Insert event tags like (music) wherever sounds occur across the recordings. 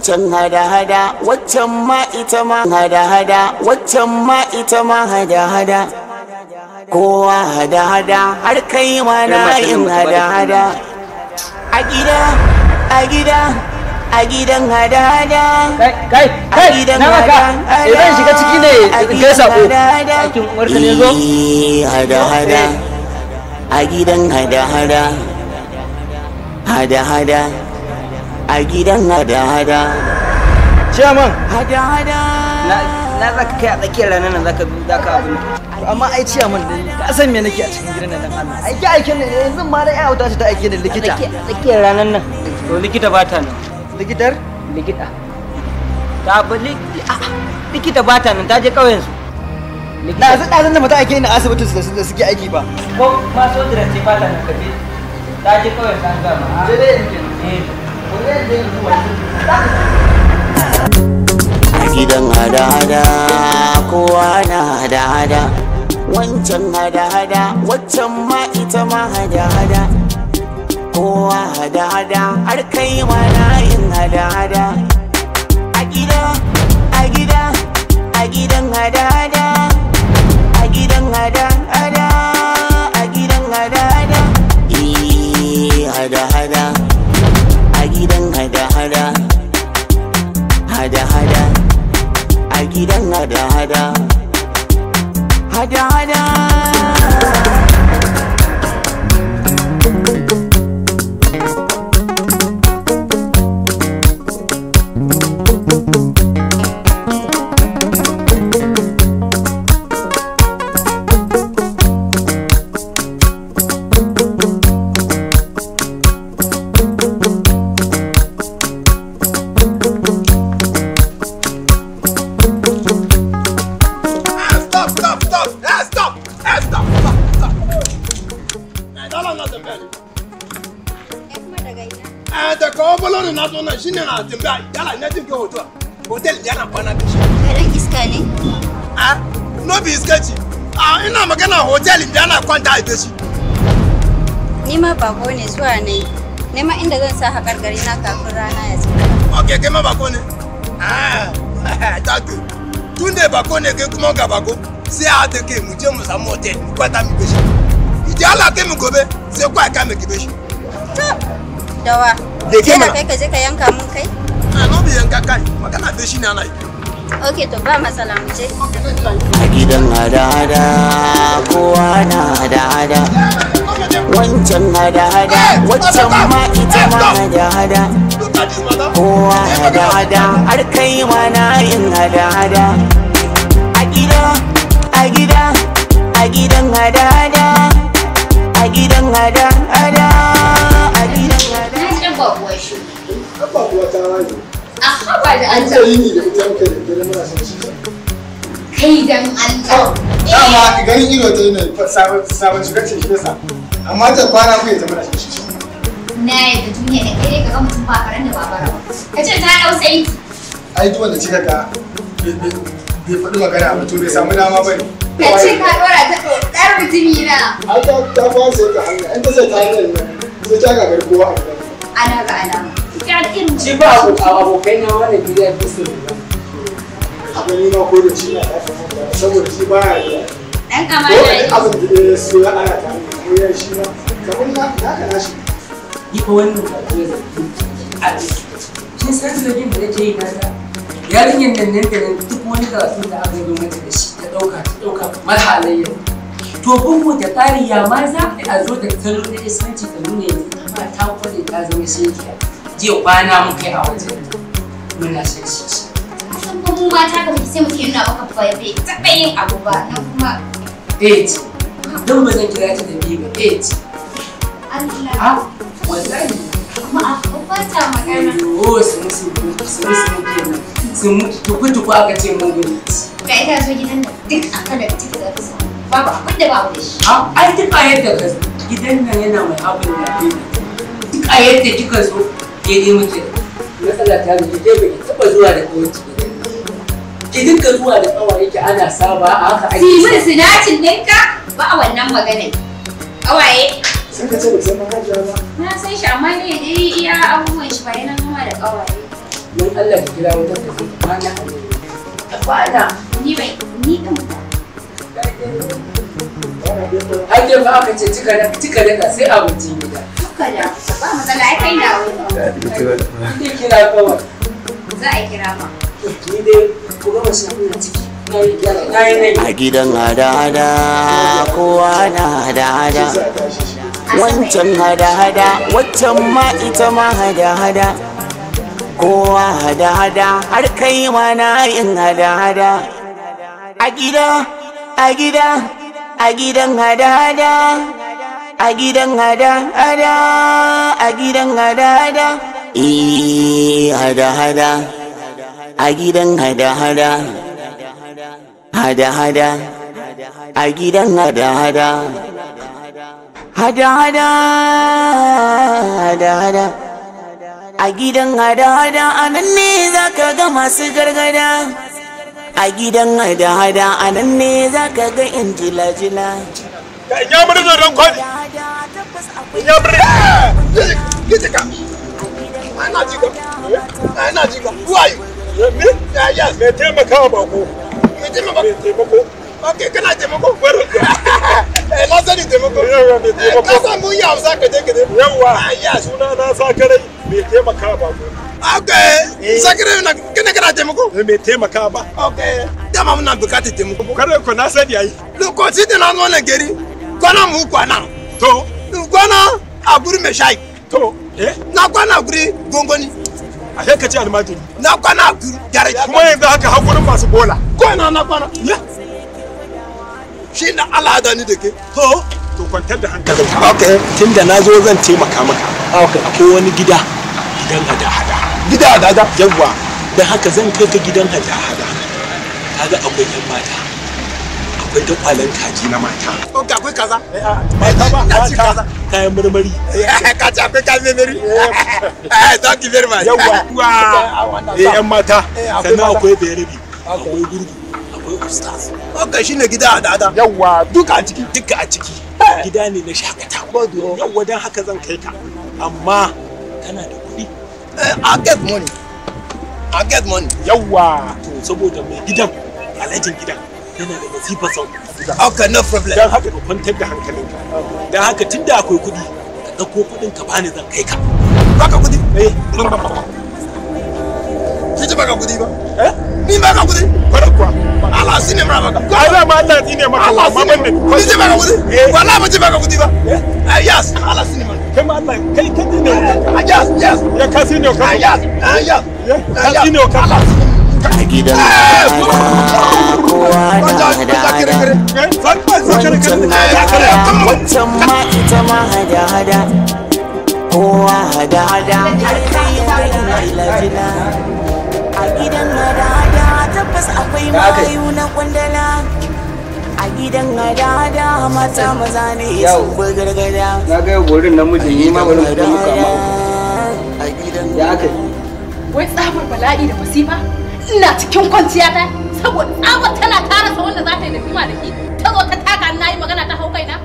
wancan hada-hada waccan ma ita ma hada-hada waccan ma ita ma hada-hada kowa hada-hada har kai ma na yin hada-hada a gida a gida a gidan hada-hada kai kai na maka idan eh, shiga ciki ne kai sako aikin ne zo hada-hada eh. a gidan hada-hada hada-hada a gidan hada-hada ciyaman hada-hada na za ka kai a tsakiyar ranar nan za ka za ka abin amma ai ciyaman ka san me nake a cikin gidan nan Allah aiki aikin ne yanzu ma da yawo tashi ta aiki ne likita a tsakiyar ranar nan to likita ba ta nan likitar likita ta ba likita ba ta nan ta je ƙauyen su na su ɗazan da mata ne a asibitin su da suke aiki ba ko ma so ce ba ta nan kaje ta je kauyen ta gama je dai yankin eh. a gidan hada-hada kowa na hada-hada wancan hada-hada waccan ma ita ma hada-hada kowa hada-hada har kai ma na yin hada-hada a gida a gida a gidan hada-hada a gidan hada idan hada-hada hada-hada zo nan ne. na tambaya yala ne jin kai hotel hotel yana kwana da shi kai iska ne a no iska ce a ina magana hotel da yana kwanta da shi ni ma bako ne zuwa ne inda zan sa hakar gari na kafin rana ya tsaya okay kai ma bako ne ah (laughs) thank tun da bako ne kai kuma ga bako sai a ta kai mu je mu samu hotel mu kwata mu gashi idan Allah kai mu gobe sai kwa ka mu gibe shi dawa da ke mana kai ka je ka yanka mun kai a ah, no bi yanka kai magana da shi na nai ok to ba matsala mu je a gidan hada-hada kowa na hada-hada wancan hada-hada waccan ma ita ma hada-hada kowa hada-hada har kai ma na yin hada-hada a gida a gida a gidan hada-hada a gidan hada-hada ba shi. Abba ta rani. A haba da an Ita yini da ita muka da dare muna son shi. Kai dan Allah. Dama ganin ido ta yi na sabon shiga ce shi yasa. Amma ta kwana ku ya zama da shi. Na yadda duniya da kai ka ga mutum ba karen da babara Ka ce ta dau sai. Ai duk da kika ga bai faɗi magana ba to bai samu dama ba ne. Ka ce ka ɗora ta ɗar mutumi na. Ai ta ba sai ta hanya, an ta sai ta hanyar nan sai ta gagar kowa a ana ga alama ci ba abokai na wani gida fi su abin yi ma ko da ci na saboda ci ba ya yi Ɗan kamar da abin da ya so ya ana ta ko ya shi ma kamar na ka na shi ni ko wannan ba ko da a kin san da bin da nake yi mata yarinyar nan nan da nan duk wani karatu da aka yi mata da shi ta ɗauka, ta ɗauka, kamar halayya to bin mu da tsari ya ma za a zo da kallon da isanci ta nuna yanzu ta kware ta zama shekiya jiya kwana mu kai a wajen muna san shi kuma mu mata ka fi sai mutum yana baka bai bai taɓa yin abu ba nan kuma eight don ba zan kira ta da biyu ba eight Allah ah, wallahi kuma a kwata magana yo su musu su musu kenan su mutu tuku tuku aka ce mun gudu ga ita zo gidan nan. duk akan da take da ta samu babu abin da babu da shi ah, ai duk a yadda ka gidan nan yana mai abin da ke duk a yadda kika zo daidai muke matsala ta zo ke ba ki taba zuwa da kawanci ki dinka zuwa da kawaye ki ana saba a haka ake ki mun sinacin dinka ba a wannan magana kawaye sun ka ce ba san hajiya ba na san shi amma ne dai iya abubuwan shi ba yana zuwa da kawaye don Allah ki kira wata ta ce ba na kwana ni bai ni din ba Hajjan ba aka ce cika da sai abincin gida. a A gidan hada-hada kowa na hada-hada wancan hada-hada waccan ma ita ma hada-hada kowa hada-hada har kai ma na yin hada-hada a gida a gida a gidan hada-hada a gidan hada-hada a gidan hada-hada hada-hada e, a gidan hada-hada hada-hada a gidan hada-hada hada-hada hada-hada a gidan hada-hada a nan ne za ka ga masu gargada a gidan hada-hada a nan ne za ka ga injila-jila ya bari zo don kwani ya bari ya ji ka ana ji ka ana ji ka who are you me ya eh, yes me taimaka ba ko me taimaka me taimako ok kana ko bari eh na sani taimako yawa me eh, taimako ka san mun ya za ka je ka je yawa ah, ya suna na sa karai me taimaka ba ko ok eh. sakire na kana kana taimako me taimaka ba ok dama muna bukatar taimako kare ko na sani yayi ko da na zo na gari gwana mu gwana to gwana aburi meshai to eh na gwana aburi gongoni a sai ka ci almajiri na gwana aburi guri kuma yanzu haka hakurin masu bola gwana na gwana ya shi na Allah da ni dake. to to kwantar da hankali okay tunda na zo zan taimaka maka okay akwai wani gida gidan hada-hada gida hada-hada yawwa dan haka zan kai ka gidan hada-hada kaga akwai yan mata akwai dakwalen kaji na mata. To ga akwai kaza? Eh, ah, mata ba, kaji kaza. Kayan marmari. Eh, kaji akwai kayan marmari. Eh, thank you very much. Yawwa. Wa. Ah, eh yan mata. Sannan akwai berebi. Akwai gurgu. Akwai ustaz. Ok shine gida a dada. Yawwa duka a ciki. Duka a ciki. Gida ne na shakatawa. Oh. Yawwa dan haka zan kai ka. Amma kana da kuɗi. I get money. I get money. Yawwa. saboda mai gidan alhajin gidan yana da masifa son okay no problem dan haka ka kwantar da hankalinka dan haka tunda akwai kuɗi ka ɗauko kuɗin ka bani zan kai ka baka kuɗi eh kici baka kuɗi ba eh ni baka kuɗi kwarar kuwa Allah shi ne mara ma Allah shi ne maka Allah ma ban ne ni ji ka kuɗi eh. wala ba ji ka kuɗi ba eh, eh yes Allah shi ne kai ma Allah kai kai ne ah, yes yes ya ka shi ne ah, ah, ka yes yes ka shi ne ka Allah gidan eh, (laughs) (laughs) kowa na hada-hada eh, wancan hada-hada wancan ma ita ma hada-hada kowa hada-hada har kai kai lafina a gidan hada-hada tabbas akwai mayu na kwandala a gidan hada-hada mata maza ne sun kwa gargada na ga yau gorin namijin yi ma wani mutum kama a gidan ya kai wai tsabar bala'i da masifa ina cikin kwanciya ta saboda tsabar tana tara sa wanda za ta yi nufima da ki ta zo ta taka na yi magana ta haukai na.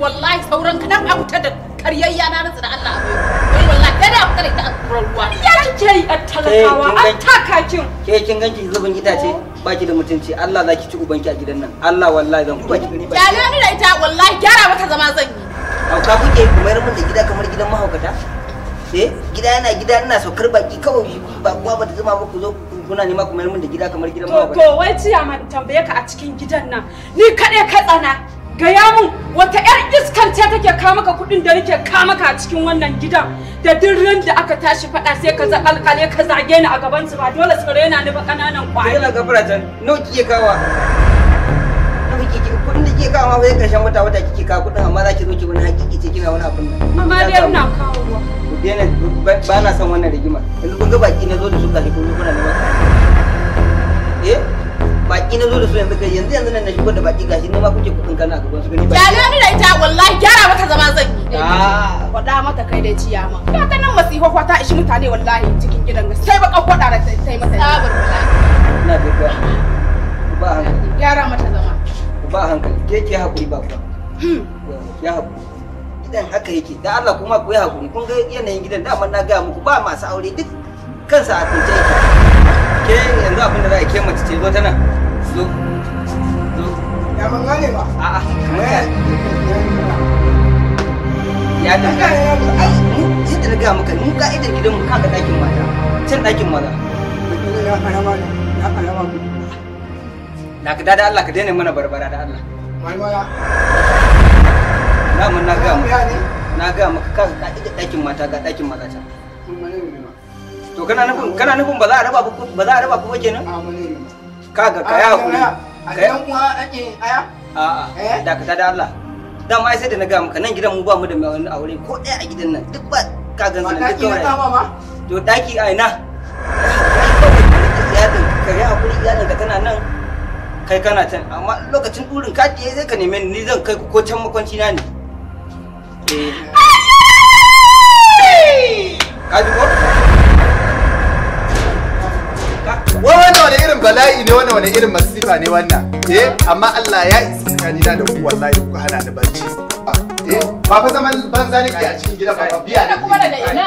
wallahi sauran ka dan a fita da karyayya na rantsa da Allah akwai wallahi kada a fita da ita a tsoron ruwa ya kike yi a talakawa an taka kin ke kin ganki zubin itace oh. ba ki da mutunci Allah za ki ci ubanki a gidan nan Allah wallahi zan kuma ki gani ba ya ni da ita wallahi gyara mata zama zan yi hauka kuke ku mayar mun da gida kamar gidan mahaukata eh gida yana gida ina saukar baki kawai ba kuwa ba ta zama muku zo ku kuna nema ku mayar min da gida kamar gidan mawa to wai ciya ma tambaye ka a cikin gidan nan ni kaɗai ka tsana gaya mun wata yar iskan ce take ka maka kuɗin da nake ka maka a cikin wannan gidan da duk da aka tashi faɗa sai ka zakalkale ka zage ni a gaban su ba dole su rena ni ba ƙananan ƙwari yana gafara can nawa kike kawa kuɗin da kike kawa ma bai karshen wata wata kike kawo kuɗin amma za ki zo ki wani hakiki ce kina wani abin nan amma dai ina kawowa daina ba na son wannan rigima yanzu kun ga baki na zo da su kashi kun kuna neman eh baki na zo da su yanzu kai yanzu yanzu nan na shigo da baki gashi na ma kuke kudin kana gaban su gani ba ya lani da ta wallahi gyara mata zama zan yi ah kwada mata kai dai ciya ma ya ta nan masifa kwata ishi mutane wallahi cikin gidan ga sai baka kwada da sai mata sabar wallahi ina da ba hankali gyara mata zama ba hankali ke ke hakuri ba ku hmm. ya hakuri gidan haka yake da Allah kuma ku yi hakuri kun ga yanayin gidan amma na ga muku ba masu aure duk kansa a tace yake ke yanzu abin da za a ke mace ce zo ta nan zo zo ya ban gane ba a'a ya ta ga yadda na gaya maka mu ka'idar gidanmu kaga dakin mata can dakin maza na karama da ka da Allah ka daina mana barbara da Allah malmaya Dama na ga na ga maka ka ka'ida dakin mata ga dakin maza ta. To kana nufin kana nufin ba za a raba ku ba za a raba ku ba kenan? Kaga ka ya hakuri. A gidan kuma ake aya? A'a. Eh? Dakata da Allah. Dama ai sai da na ga maka nan gidan mu ba mu da mai aure ko ɗaya a gidan nan duk ba ka gan nan duk kawai. To daki a ina? Ka yi hakuri ka tana nan kai kana can amma lokacin ɗurin kati sai ka neme ni zan kai ko can makwanci na ne. wani wani irin bala'i ne wani wani irin masifa ne wannan eh amma Allah ya isa tsakanina da ku wallahi ku hana ni barci ah, eh ba fa zaman banza a cikin gida ba biya ne kuma daga ina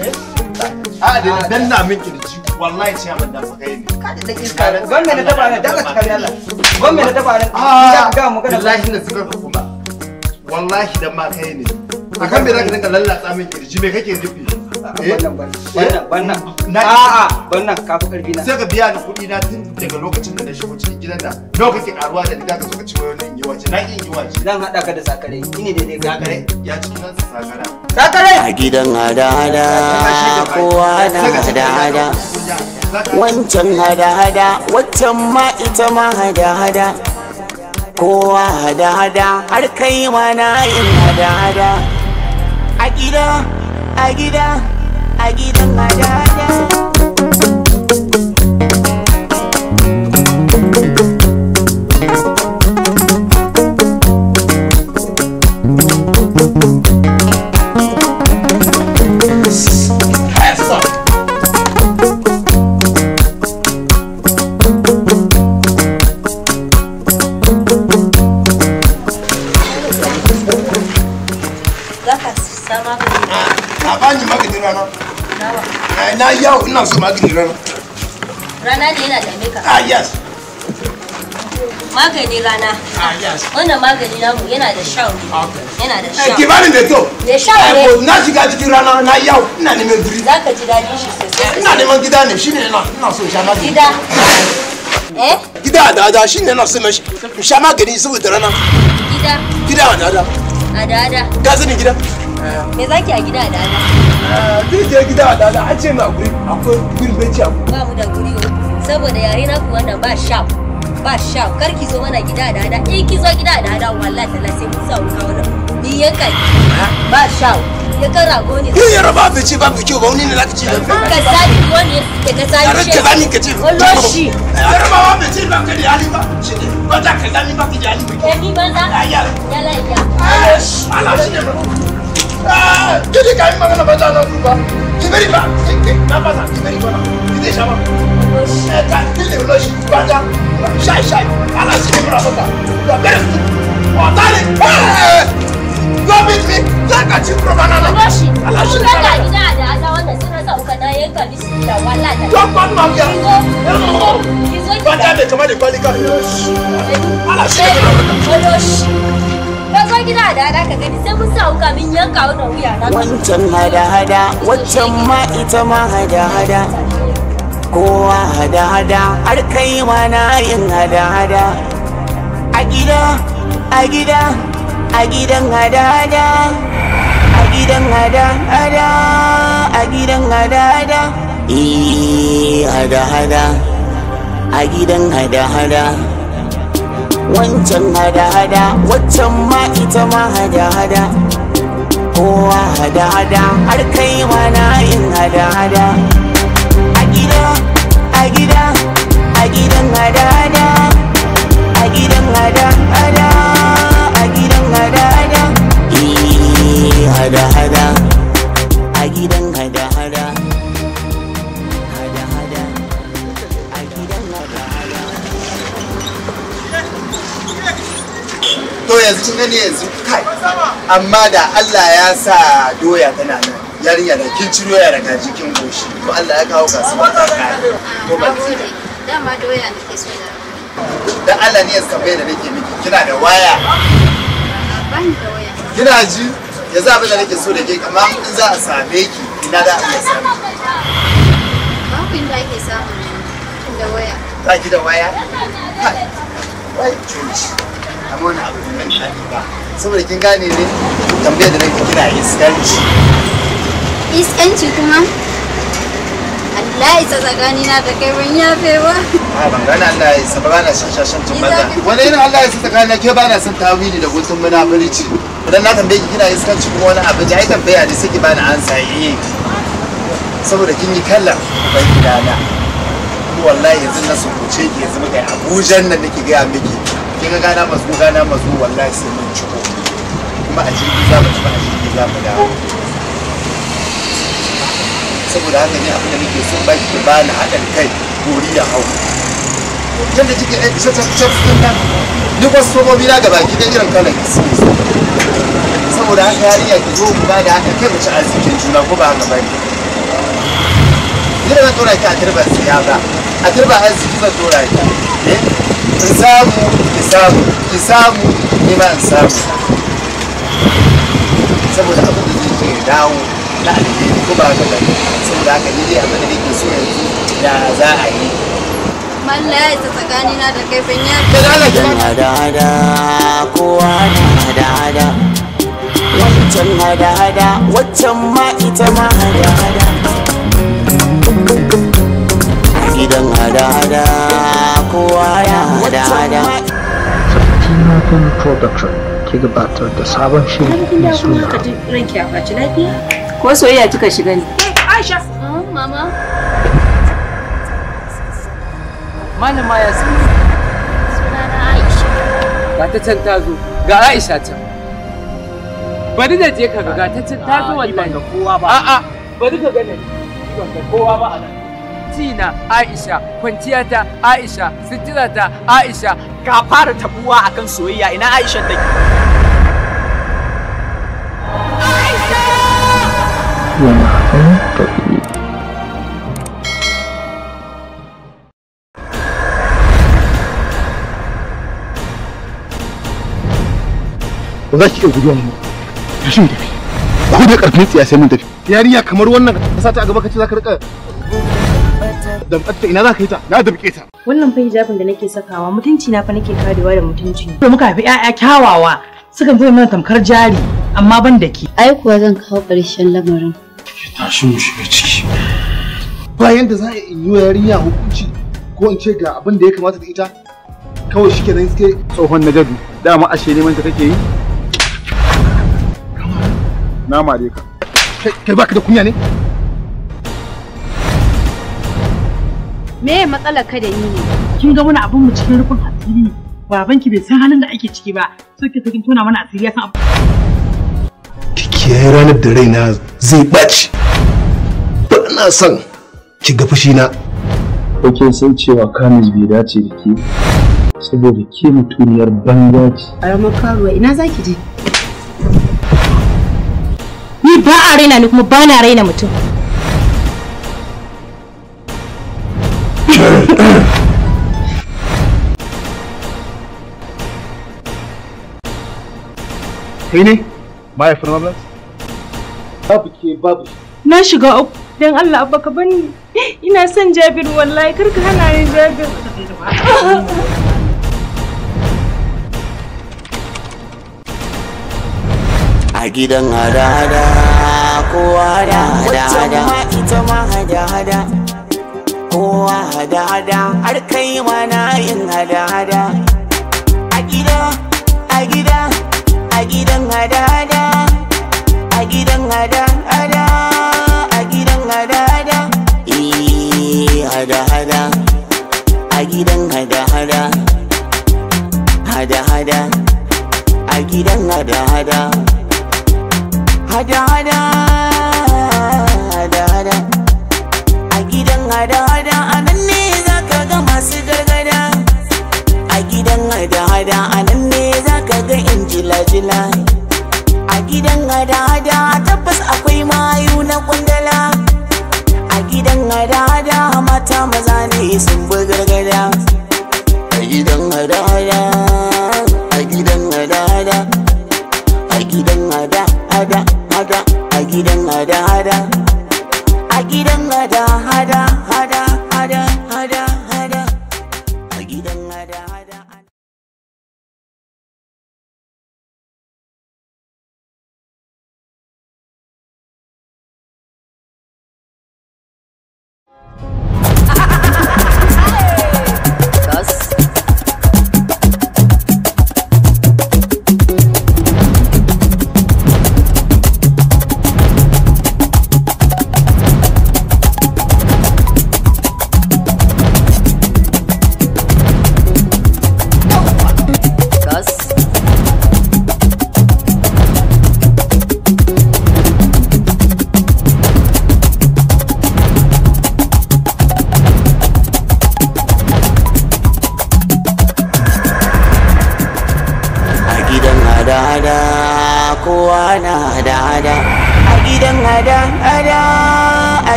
Eh? a ah, da dan na min kirji wallahi ce mun da fakai ne kada da kin kare gwamnati na daba ne daga kare Allah gwamnati na daba ne ah, a ga magana wallahi na zubar hukuma wallahi dan ma kai ne akan bai zaka dinga lallatsa min kirji me kake nufi bannan eh? a'a bannan ka fi karfi na sai ka biya ni kuɗi na tun daga lokacin da na shigo cikin gidan da nawa kake karuwa da ni ka zo ka ci wani in yi ce na in yiwa ce. zan haɗa ka da sakare ini da dai sakare ya ci nan sakara sakare a gidan hada-hada kowa na hada-hada wancan hada-hada waccan ma ita ma hada-hada kowa hada-hada har kai ma na yin hada-hada a gida a gida I give them my jaja. na yawo ina su magani rana rana ne yana dame ah yes magani rana ah yes wannan magani namu yana da shan yana da eh, shan kibarin da kyau da shan ne eh, na shiga cikin rana na yawo ina neman guri zaka ji dadin shi sosai eh, ina neman gida ne shine ina ina so sha magani gida eh gida da da shine ina so sha magani saboda rana gida gida da da da da ka sani gida me zaki a gida da da zai je gida da da an ce mai akwai akwai gurbaci abu ba mu da guri saboda yare na ku wannan ba ba kar ki zo mana gida da da in ki zo gida da da wallahi talla sai ku sa wuka wannan ni yanka ba sharp ya kan rago ne. yaro ba fice ba ba wani ne laka ce da Ka sani wani ka sani ce. Yaron bani ce. Yaro ba wa ba ka da ba. Shi ne ba ta ka gani ba ka da hali ba. Ke ni banza. ya. Ala shi ne ba. Jadi kami makan apa jalan lupa. Kiberi ba, napa sa kiberi kona, kiberi sama. Eta kile uloshi baja, shai shai, ala sini mura sota, ya beri tu, otali, go meet me, taka chipro banana. Uloshi, ala sini mura sota. Uloshi, ala sini mura sota. Don't come back here. No. Baja de, come on, the quality. Ala sini mura sota. Uloshi. ka zo gida da hada ka gani sai mun sa wuka min yanka wannan wuya na wancan hada hada wancan ma ita ma hada hada kowa hada hada har kai ma na yin hada hada a gida a gida a gidan hada hada a gidan hada hada a gidan hada eh, hada hada hada a gidan hada hada wancan hada-hada waccan ma ita ma hada-hada kowa hada-hada har kai ma na yin hada-hada a gida a gida a gidan hada-hada a gidan hada-hada a gidan hada-hada hada-hada to yanzu ne yanzu kai amma da Allah ya sa doya tana nan yarinya da kin ciro ya daga jikin goshi to Allah ya kawo kasuwa ta kai to ba dama doya nake so da da Allah ne ya kamar da nake miki kina da waya ban da waya kina ji yanzu abin da nake so da ke amma in za a same ki ina da Allah ba babu inda ake samu da waya ta ki da waya wai samu wani abu da ban shaɗi ba saboda kin gane ne tambayar da nake kina iskanci iskanci kuma Allah ya isa tsakani na da kai ban yafe ba. A ah, ban gane Allah ya isa ba na shan shashan tun banza. Wani irin Allah ya isa tsakani na ke ba na son tawili da gutun muna birci. Idan na tambaye ki kina iskanci kuma wani abu da ai tambaya ne sai ki bani ansa eh. Saboda kin yi kallon ban gidana. Wallahi yanzu na sunkuce ki yanzu muka yi Abuja nan nake gaya miki. kin gana masu gana masu wallahi sai mun ciko kuma a jirgi za mu tafi a jirgi za mu dawo saboda haka ne abin da nake son ba ki ba ni haɗin kai gori ya hau yadda kike aiki sai ta cikin nan duk wasu sobobi na gaba ki da irin kalan ki suke saboda haka yarinya ki zo ku ba da haɗin kai mu ci arzikin juna ko ba haka ba ne ni da zan tura ki a turban siyasa a turban arziki zan tura ki ki samu ki samu ki samu ni ba in samu saboda abin da zai ke dawo na alheri ko ba ga da saboda haka ni dai abin da ke so yanzu da za a yi Malla ya isa tsakanina da kaifin ban yi hada-hada kowa na hada-hada wancan hada-hada waccan ma ita ma hada-hada gidan hada-hada kowa ya da Safatina Production ke gabatar da sabon shiri mai suna. Ko soyayya kika shiga ne? Aisha! Mama! Malama ya suna. Sunana Aisha. Ga ta can ta zo, ga Aisha can. Bari na je ka ga ta can ta zo wannan. A'a, bari ka gane. Ban ga kowa ba a nan. cina Aisha, kwanciyata Aisha, sitirata Aisha. Ka fara tabuwa akan soyayya ina Aisha take. Aisha! Ba za ki iya guduwa mu. Tashi mu tafi. Ko da ƙarfin siyasa sai mun tafi. Yariya kamar wannan ka a gaba ka ce za ka rika Damƙatta ina za ka yi ta? Na damƙe ta. Wannan fa hijabin da nake sakawa mutunci na fa nake karewa da mutunci. Da muka haifi 'ya'ya kyawawa sukan zama mana tamkar jari amma ban da ke. Ai kuwa zan kawo ƙarshen lamarin. Tashi mu shiga ciki. Bayan da za a yi yarinya hukunci ko in ce ga abin da ya kamata da ita kawai shi kenan suke tsohon na gadu dama ashe neman ta kake yi. Nama dai ka. Kai baka da kunya ne? me matsalar ka da ni ne kin ga wani abun mu cikin rukun asiri ki bai san halin da ake ciki ba so ke takin tona mana asiri ya san abu ki kiyaye ranar da raina zai baci ba na son ki ga fushi na kin san cewa kamis bai dace da ke saboda ke mutuniyar banza ce karamar karuwa ina zaki je ni ba a raina ni kuma ba na raina mutum Kai ne? Mahaifin Ramlas? Babu ke babu. Na shiga uku. Don Allah abba ka bani. Ina son Jabir wallahi kar ka hana ni Jabir. A gidan hada-hada kowa da hada-hada. Ita ma hada-hada. Kowa hada-hada har kai ma na yin hada-hada. A gida, a gida. gidan hada-hada a gidan hada-hada a gidan hada-hada hada-hada a gidan hada-hada hada-hada a gidan hada-hada hada-hada hada-hada a gidan hada jila a gidan adada, tabbas akwai mayu na kundala a gidan adada, mata maza ne sun bi gargada a gidan adada a gidan adada a gidan hada-hada a gidan adada a gidan adada.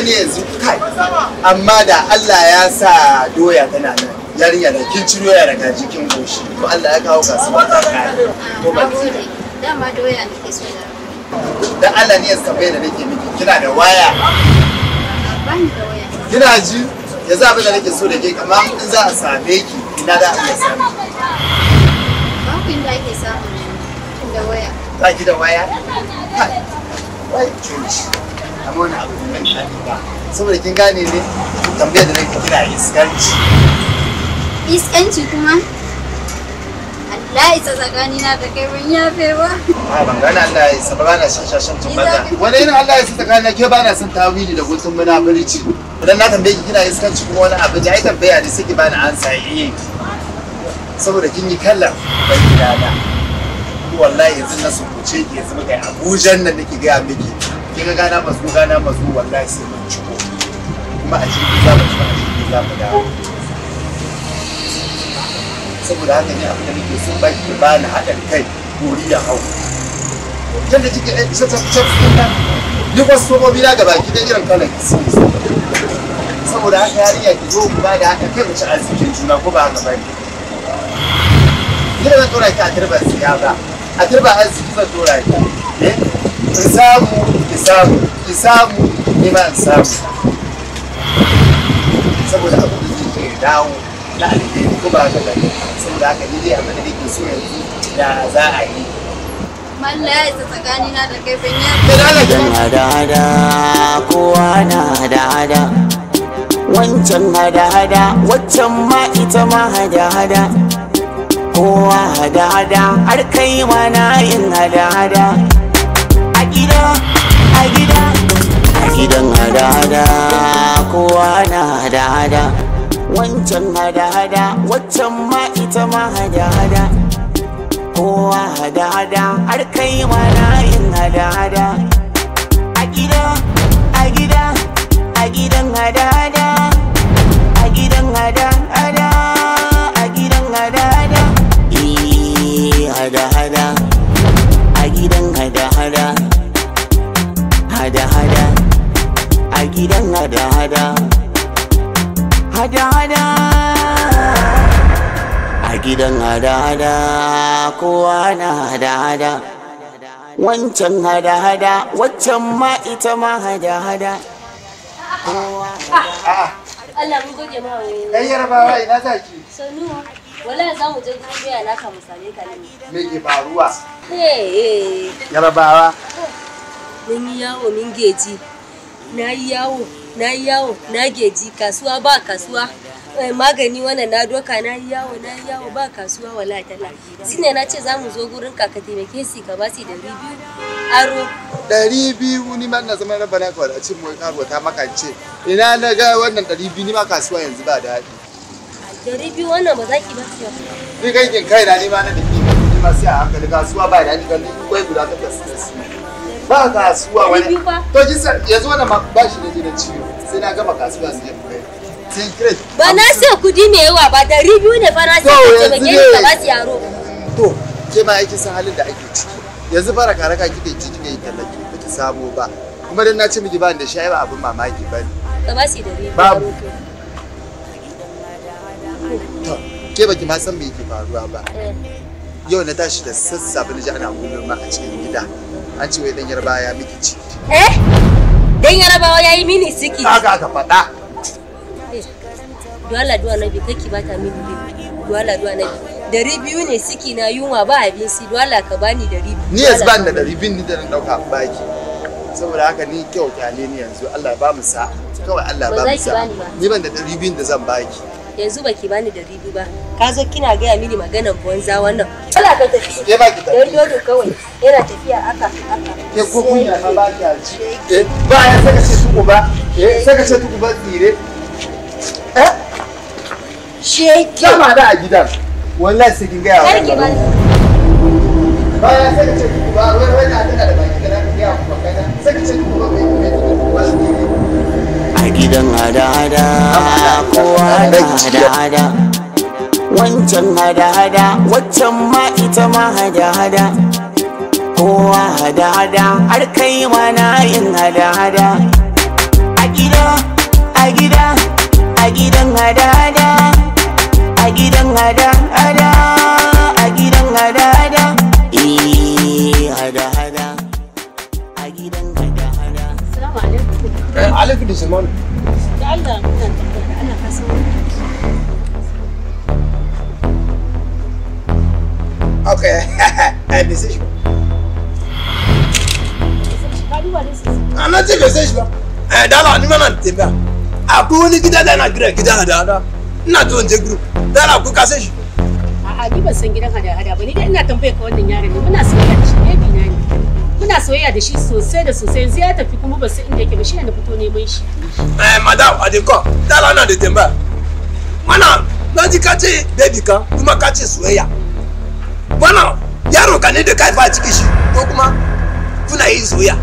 ita ne yanzu kai amma da Allah ya sa doya tana nan yarinya da kin ciro ya daga jikin goshi to Allah ya kawo kasuwa ta kai to ba dama doya ke so da da Allah ne yanzu tambaye da nake miki kina da waya ba ni da waya kina ji za abin da nake so da ke kamar in za a same ki ina da a da same ba ku inda ake samu da waya ta ki da waya wai cuci amma wani abu saboda kin gane ne tambayar da nake kira iskanci iskanci kuma Allah isa tsakani na da kai ban yafe ba a ban gane Allah ya isa ba na shan shashan tun wani irin Allah ya isa tsakani na ke ba na son tawili da gutun munafurci idan na tambaye ki kina iskanci kuma wani abu ai tambaya ne sai ki bani ansa eh, eh. saboda kin yi kallon ban gida na. wallahi yanzu na sukuce ki yanzu muka yi abujan nan nake gaya miki ga gana masu gana masu wallahi sai mun ciko kuma a jirgi za mu a za mu dawo saboda haka ne abin da nake so ba ki ba ni haɗin kai gori hau yadda kike ɗan isa tafiyar wasu na gaba irin kalan sun saboda haka yarinya ki zo ku ba da kai mu ci arzikin juna ko ba haka ba ne ni da zan ki a turban a turban arziki zan ki eh? in samu in samu in samu ni ma in samu saboda abu da zai ke dawo na alheri ko ba ga bane saboda haka ni dai abin da nake so yanzu da za a yi Malla ya isa tsakanina da kai ban yi. Hada-hada, kowa na hada-hada. Wancan hada-hada, waccan ma ita ma hada-hada. Kowa hada-hada, har kai ma na yin hada-hada. gida a gida a gidan hada-hada kowa na hada-hada wancan hada-hada waccan ma ita ma hada-hada kowa hada-hada har kai ma na yin hada-hada a gida a gida a gidan hada-hada a gidan hada hada-hada a gidan hada-hada hada-hada a gidan hada-hada kowa na hada-hada wancan hada-hada waccan ma ita ma hada-hada ah, Allah mun goge ma wani. Ɗan yarbawa ina eh, eh. Yarbawa. mun yi yawo mun geji na yi yawo na yi yawo na geji kasuwa ba kasuwa eh, magani wannan na doka na yi yawo na yi yawo ba kasuwa wala tala shine na ce za mu zo gurin ka ka taimake si ka ba dari biyu aro dari biyu ni ma na zama na bana ka wadacin mu karo ta makance ina na ga wannan dari biyu ni ma kasuwa yanzu ba daɗi dari biyu wannan ba za ki ba ki ba ni kai kin kai na ni ma na da ni ma sai a hankali kasuwa ba daɗi dan ni kai guda ka su. ba kasuwa wani to kisa yanzu wannan ma ba shi ne da ciwo sai na gama kasuwa sai ya ba na sai kudi mai yawa ba da ribiyu ne fa na sai ka ce ba gani ka ba yaro to ke ma yake san halin da ake ciki yanzu fara kare ka kike ciki kai tallaki kike sabo ba kuma dan na ce miki ba da shayi ba abin mamaki ba ne ka ba da ribiyu babu ke baki ma san me yake faruwa ba eh. yau na tashi da sassafe na ji ana gulma a cikin gida an ce wai dan yarbawa ya miki ciki eh dan yarbawa ya yi mini ciki haka ka faɗa eh, duwala duwala na bi kake bata mini bi duwala duwala na bi dari biyu ne ciki na yunwa ba si duwala ka bani dari biyu ni yanzu ban da dari biyu ni da dauka ɗauka baki saboda haka ni kyau kyale ni yanzu Allah ba mu sa kawai Allah ba mu sa ni ban da dari biyu da zan baki yanzu baki bani da ribi ba ka zo kina gaya mini maganan banza wannan Allah ka tafi ke ba ki tafi dodo kawai yana tafiya aka aka ke ko kun ya ba ki alci eh, ba ya saka ce tuku ba eh saka ce tuku ba tsire eh sheki ba da a gidan wallahi sai kin gaya wa ba ya saka ce tuku ba wai wai na da baki kana ga ku ba kana saka ce tuku gidan hada-hada kowa hada-hada wancan hada-hada waccan ma ita ma hada-hada kowa hada-hada har kai ma na yin hada-hada a gida a gida a gidan hada-hada a gidan hada-hada a gidan hada-hada eh, hada-hada a gidan hada-hada Alaikum salam. Eh, da Allah okay ai (laughs) eh, bai sai shi ba ah, na ce bai sai shi eh, ni ma na tafiya akwai wani gida da yana gida gida da hada ka sai shi a'a ni ban san gidan hada hada ba ni dai ina tambayar ka a yaron kuna soyayya da shi sosai da sosai yanzu ya tafi kuma ba su inda yake ba shi ne na fito neman shi eh madam adeko ta na da temba. mana na ji ka ce baby kan kuma ka ce soyayya mana yaro ka ne da kai a cikin shi ko kuma kuna yin soyayya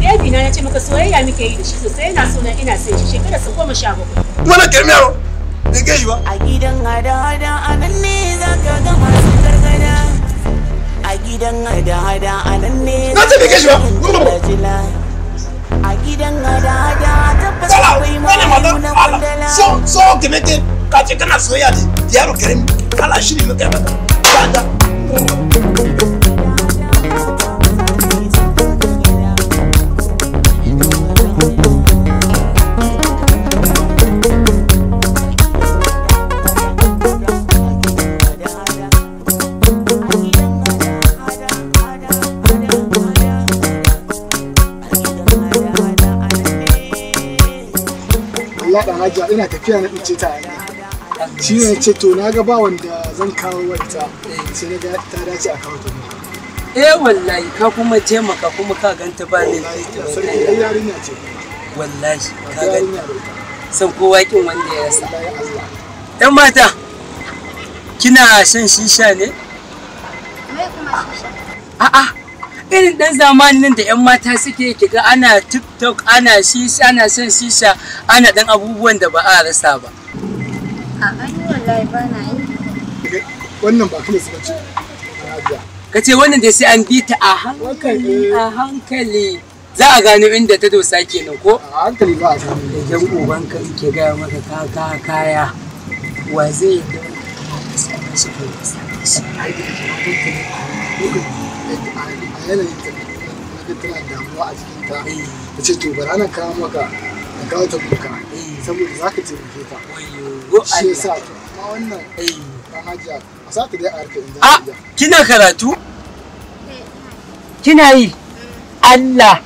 baby na ce maka soyayya muke yi da shi sosai yana so na ina sai shi shekara su goma sha bakwai wannan kirmi yaro bai gaji ba a gidan hada-hada a nan ne za ka ga masu gargada a gidan hada-hada a nan ne na ce bege shi ba a gidan hada-hada tabbas akwai mahayu so so kemete ka kana soyayya da yaro karim kala shiri na kai mata yaɗa hajiya ina tafiya na ɗauce ta shi ne ce to na ga ba wanda zan kawo wata sai na ta dace a kawo ta eh wallahi ka kuma taimaka kuma ka ganta ba ne wallahi ka ganta san ko waƙin wanda ya sa dan mata kina shan shisha ne a'a irin ɗan zamanin da yan mata suke kiga ana tiktok ana shisha ana shan shisha ana dan abubuwan da ba a rasa ba a'a wallahi ba na yi wannan ba kuma ce ka ce wannan da sai an bi ta a hankali a hankali za a gano inda ta dosa kenan ko a hankali ba a samu da jan uban ka ke gaya maka ka kaya wa zai yi da wani sanar shi ko sanar shi yanayin ta tana damuwa a jikin ta ta ce to kawo maka kawo ta saboda za ka taimake ta shi ya sa to amma wannan hajiya a sa ta dai a harkar inda ah, kina karatu eh, kina yi mm. Allah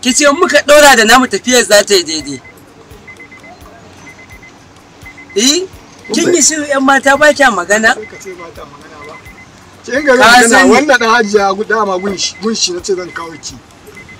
ki ce muka ɗora da namu tafiyar za ta yi daidai eh kin yi shiru 'yan mata ba kya magana in ga zan wannan dan hajiya dama gunshi gunshi na ce zan kawo ki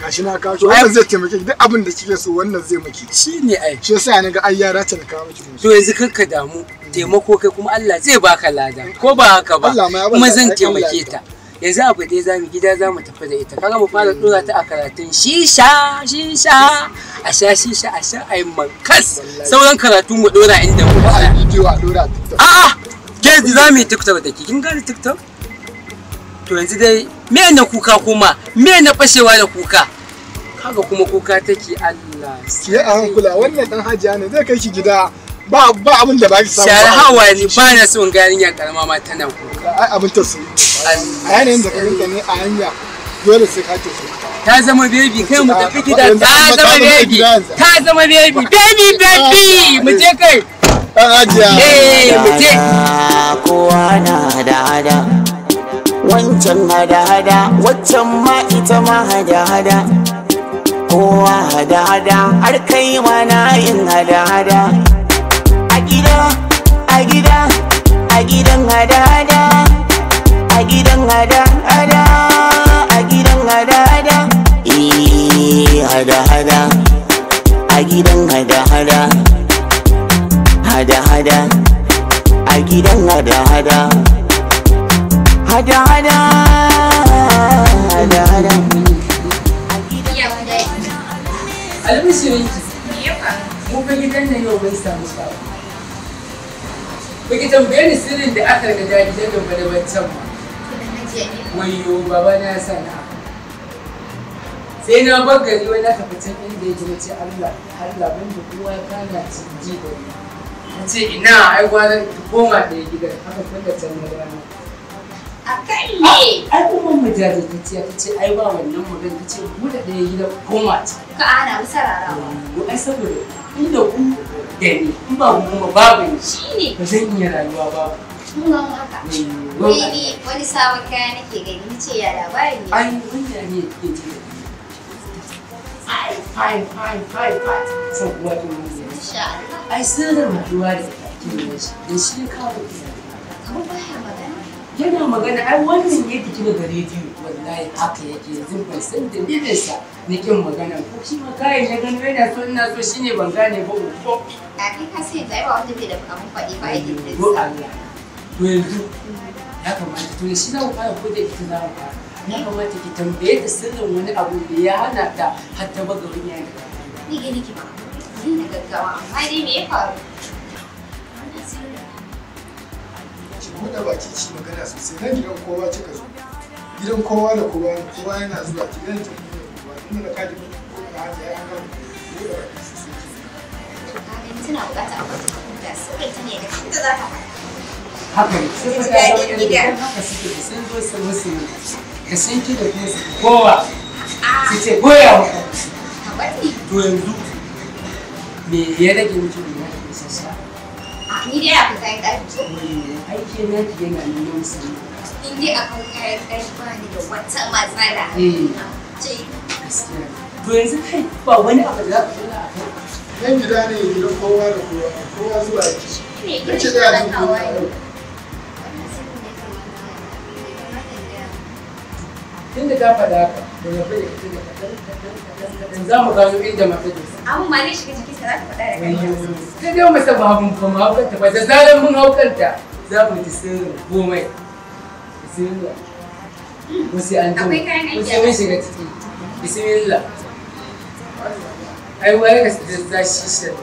gashi na kawo ki wannan zai taimake ki duk abin da kike so wannan zai maki. shine ai shi yasa ni ga ai yara ta na kawo miki to yanzu kanka damu taimako kai kuma Allah zai baka lada ko ba haka ba kuma zan taimake ta yanzu abu dai mu gida za mu tafi da ita kaga mu fara dora ta a karatun shisha shisha a sha shisha a sha ai mankas sauran karatu mu dora inda mu ba a bidiyo a dora tiktok a'a ke za mu yi tiktok da ke kin gane tiktok to yanzu dai me na kuka kuma me na fashewa da kuka kaga kuma kuka take Allah ki a hankula wannan dan hajiya ne zai kai ki gida ba ba abin da ba ki samu sai hawa ne ba na son ganin yan karama ma tana kuka ai abin ta su ai ne da karinka ne a hanya dole sai ka tafi. ta zama baby kai mu tafi gida ta zama baby ta zama baby baby baby mu je kai dan hajiya eh mu je kowa na da hada wancan hada-hada waccan ma ita ma hada-hada kowa hada-hada har kai ma na yin hada-hada a gida a gida a gidan hada-hada a gidan hada-hada a gidan hada-hada hada-hada eh, a gidan hada-hada hada-hada a gidan hada-hada hada hada hada hada yau bai samu shawo baki tambaye ni sirrin da aka riga da gidan nan ba da wancan ma wayo baba na sana sai na bar gari wani aka fita inda ya ji na Allah Allah ban da kowa kana ji da ni na ce ina ai gwanar koma da gidan haka kun da can na rana akan me ai kuma mu jajirtacciya ta ce ai ba wannan magan ta ce mu da ɗaya gidan koma ce ka ana mu sararawa to ai saboda inda ku da ni in ba mu kuma babu shine ba zan iya rayuwa ba eh, wani sabon kaya nake gani ni ce ya labari ne ai wanda ne yake ce ai fine fine fine fine san kuwa to mun ai sirrin rayuwa da kake da shi magana Tana magana ai wannan ne kike daga rediyo wallahi haka yake yanzu ban san dalilin sa na kin magana ko shi ma kayan ya gano yana so ina so shine ban gane ba ko. Na kai ka sai dai ba wanda ke da abun faɗi ba yake da sa. To yanzu ya kamata to shi za fara ko da kike za fara. Ya kamata ki tambaye ta sirrin wani abu da ya hana ta har ta baga wani yayi. Ni gani ki ba. Ni da gaggawa amma dai me ya faru? buɗe baki ci magana sosai na gidan kowa ka zo gidan kowa da kowa kowa yana zuwa gidan ta kowa da kaji ko da haka ya hana buɗe buƙatar a wata kuta ta ne da kuta sai haka suke da su da da kowa su ah. goya wa to me ya rage miki da ya Ni dai akwai kayan ɗaki. Aiki na ki yana neman sannan. In dai akwai kayan ɗaki ba ni da wata matsala. Eh. To yanzu kai ba wani abu da kula a kai. gida ne gidan kowa da kowa, kowa zuwa ki. Ne ce da yanzu kowa da ta faɗa haka, da ya bayyana tun da za mu gano inda mata ke abun ma ne shiga za ta faɗa da kai ta dai masa ba mun ba haukanta ba da zarar mun haukanta za mu ji sirrin komai bismillah wasu an tuma wasu mun shiga ciki bismillah ai wani ka da shi shan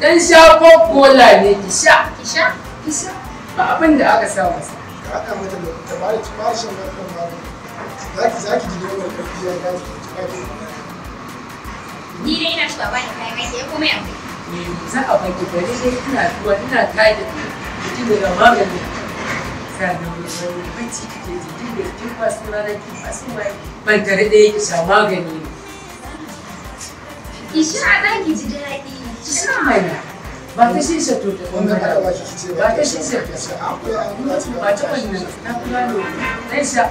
dan sha kola ne ki sha ki sha ki sha ba abin da aka sa masa ka aka mata da ta zaki zaki ji ya ni dai ina so bani kayan sai ya komai akwai eh, za a baki bari dai ina zuwa ina kai da mutum daga magani sannan wani bacci kike ji duk da duk ba su na ki ba su mai ban tare da yake sha magani ki sha dan ki ji daɗi ki sha ba ta shi sa tuta ba ta shi sa tuta ba ta wannan na kula ni zai sha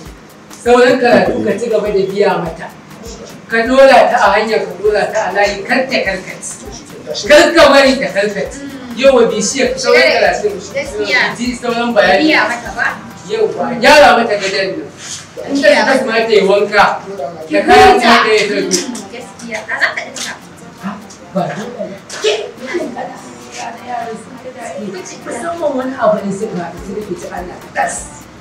sauran karatu ka ci gaba da biya mata ka dora ta a hanyar ka dora ta a layi kar ta karkace kar ka bari ta karkace yau wa bishiyar sauran karatu ji sauran bayani yau ba gyara mata gadon nan in da ta kuma ta yi wanka da kayan ta ta yi tabi hmm, ba musamman wani abu ne suka haɗu su rufe ci Allah tas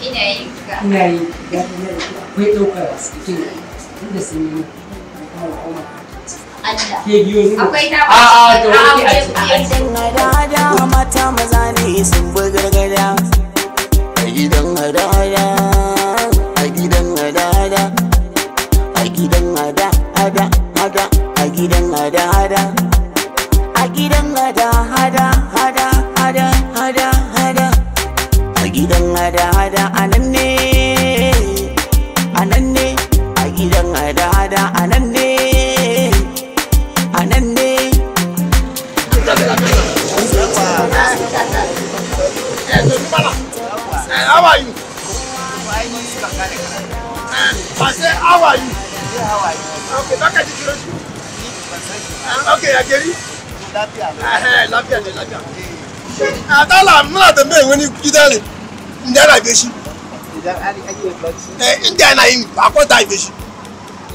Ina yi ga. Ina yi ga. Akwai ɗaukar wasu kin inda sun yi kawo auna. Allah. Ke biyo zuwa. Akwai ta wasu. A'a to wani a cikin. Na da hada mata maza ne sun bi gargada. A gidan hada-hada. A gidan hada-hada. A gidan hada-hada. A gidan hada-hada. how are you? Yeah, how are you? Okay, bákan ti kúrò sí. Okay, Ah, Lábíà. Lábíà dé lábíà. Àtàlà múlá tó bẹ́ẹ̀ wọ́n ní kídẹ́rì ǹjẹ́ náà ìbéṣi. Ǹjẹ́ náà àkọ́ta ìbéṣi.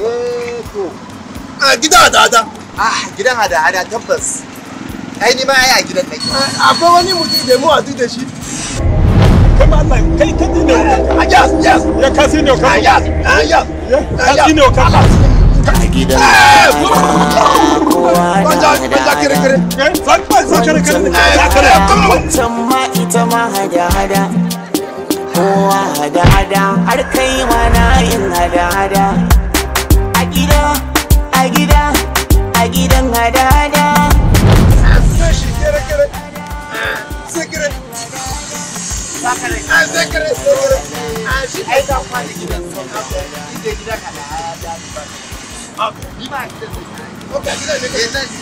Eh to. Gidan hada-hada. Ah, gidan hada-hada tabbas. Ai ni ma ai a gidan nake. Akwai wani mutum da mu a duk da shi. kai ma Allah kai ka dine ka yes yes ya ka sine ka yes yes har kai ma na yin hada agida a gidan hada an zai kwana gidan gida ka da ba ba gidan yi da shi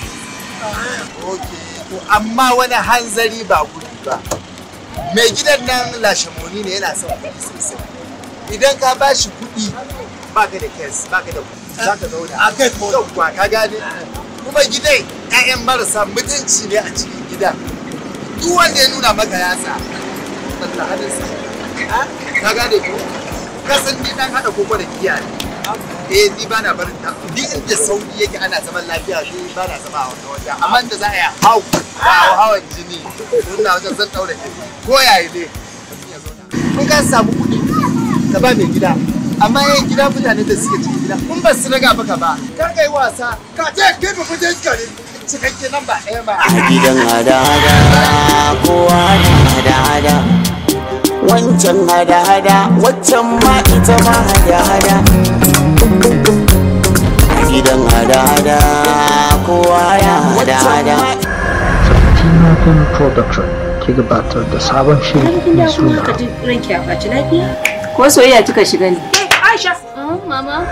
yi amma wani hanzari ba gudu ba mai gidan nan lashemoni ne yana son kuɗi sosai idan ka ba shi kuɗi ba ka da kes da za ka zauna a kai ko ka gane kuma gidan ƴaƴan marasa mutunci ne a cikin gida. duk wanda ya nuna maka yatsa Allah sa. ka gane ko ka san ni dan hada koko da giya eh ni bana bar ta ni inda sauri yake ana zaman lafiya ni bana zama a wata wata. amma da za a yi hau hawan jini wannan wajen zan daure ko yayi ne kun ka samu kuɗi ka ba mai gida amma yan eh, gida mutane da suke cikin gida kun ba su raga baka ba kar kai wasa ka je kai ba kuje ka ne cikakke nan ba ɗaya ba a gidan hada-hada kowa na hada-hada wancan hada-hada waccan ma ita ma hada-hada a gidan hada-hada kowa ya hada-hada Sabatina Film Production ke gabatar da sabon shirin mai suna. Ranki a lafiya? Ko soyayya kika shiga ne? Aisha. mama.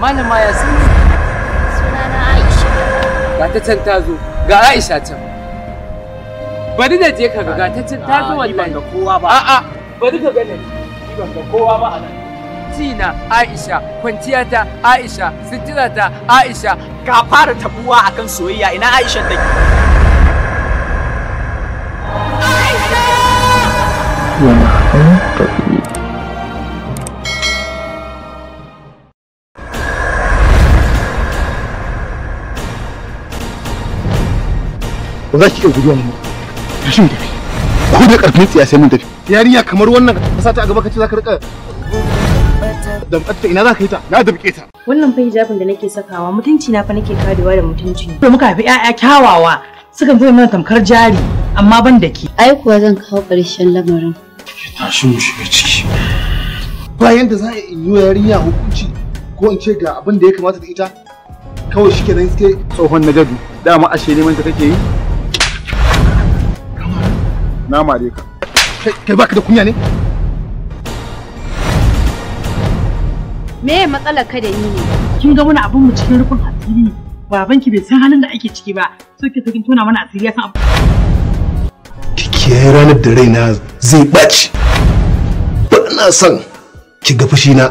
Malama ya sun Sunana Aisha. Ga ta ga Aisha can. Bari na je ka ga ga ta can ta zo wallahi. Ban kowa ba. bari ka kowa Tina Aisha, kwanciyata Aisha, sitira Aisha. Ka fara tabuwa akan soyayya ina Aisha take. ba za ki iya guduwa mu tashi mu tafi ko da karfin tsiya sai mun tafi yarinya kamar wannan ka ta a gaba ka za ka rika damƙatta ina za ka yi ta na damƙe ta wannan fa hijabin da nake sakawa mutunci na fa nake karewa da mutunci da muka haifi ƴaƴa kyawawa sukan zo mana tamkar jari amma ban da ke ai kuwa zan kawo ƙarshen lamarin tashi mu shiga ciki bayan da za a yi yarinya hukunci ko in ce ga abin da ya kamata da ita kawai shi kenan suke tsohon na gado dama ashe neman ta kake yi na mare ka kai baka da kunya ne me matsalar ka da ni ne kin ga wani abun mu cikin rufin asiri babanki bai san halin da ake ciki ba so ki so tona mana asiri ya san abu kiyaye ranar da raina zai ɓaci ba na son ki ga fushi na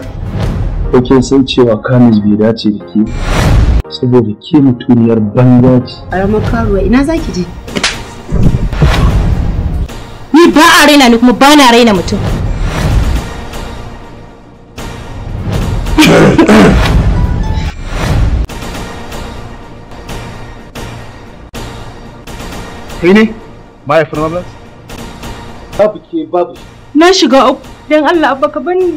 kin san cewa kamis bai dace da ke saboda ke mutuniyar banza ce a ramar karuwa ina zaki je ba a raina ni kuma ba na raina mutum kai ne mahaifin ba babu ke babu na shiga uku don allah abba ka bani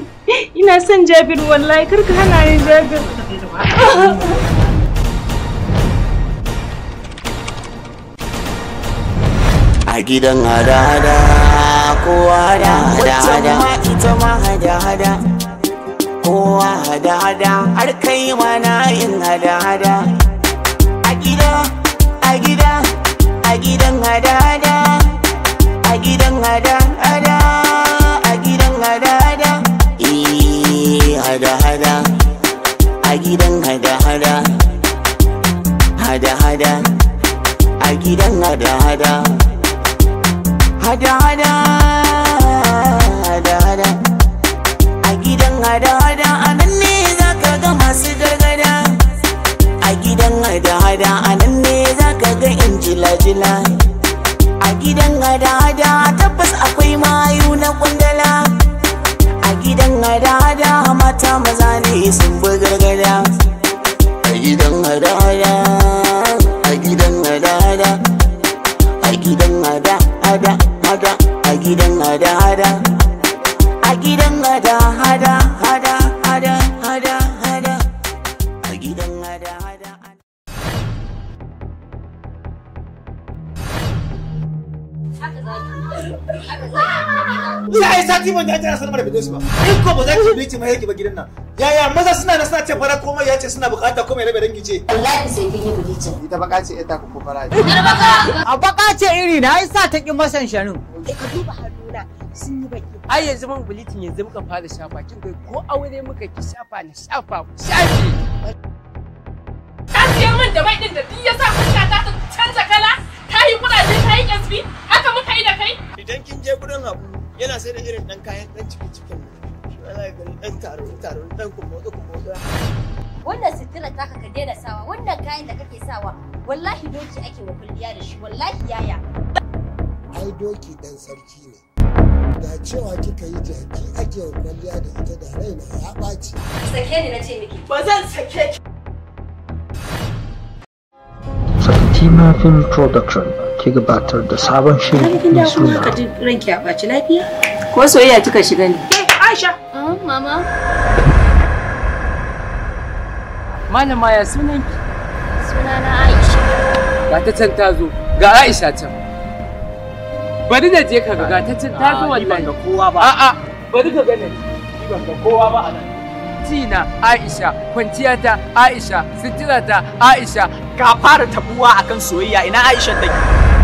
ina son jabir wallahi kar ka hana ni jabir a gidan hada-hada hada hada hada ma ita ma hada hada kowa hada hada har kai ma na yin hada hada a gida a gida a gidan hada hada a gidan hada hada a gidan hada eh, hada hada hada a gidan hada hada hada hada a gidan hada hada hada hada gada da mata maza ne sun bugar ce mai yake ba gidan nan yaya maza suna na suna ce fara komai ya ce suna bukata komai rabe dangi ce wallahi sai kin yi bulice ita baka ce ita ku fara a baka ce iri na ai sa ta ki masan shanin eh, ka duba hannuna sun yi baki ai yanzu man bulitin yanzu muka fara shafa kin kai ko aure muka ki shafa na shafa shafi ka siya min da mai din da ya yasa fuska ta canza kala ta yi kuraje ta yi kasbi haka muka yi da kai idan kin je gurin abu yana sai da irin dan kayan dan cikin cikin gani wannan sitira taka ka daina sawa wannan kayan da kake sawa wallahi doki ake wa kulliya da shi wallahi yaya ai doki dan sarki ne da cewa kika yi jaki ake wa kulliya da ita da raina ya ɓaci sake ni na ce miki ba zan sake ki Fatima Film Production ke gabatar da sabon shirin mai suna. Ranki a ɓaci lafiya? Ko soyayya kika shiga ne? Eh, Aisha! mama. Malama ya sunan ki? Sunana Aisha. Ga ta can ta zo, ga Aisha can. Bari na je ka ga ga ta can ta zo ah, wallahi. Ba kowa ba. A'a, bari ka ga nan. Ba kowa ba a nan. Tina Aisha, kwanciya ta Aisha, sitira ta Aisha. Ka fara tabuwa akan soyayya ina Aisha take.